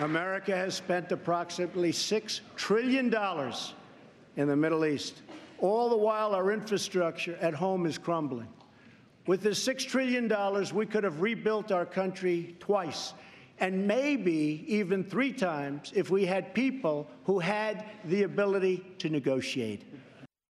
America has spent approximately $6 trillion in the Middle East. All the while, our infrastructure at home is crumbling. With the $6 trillion, we could have rebuilt our country twice and maybe even three times if we had people who had the ability to negotiate.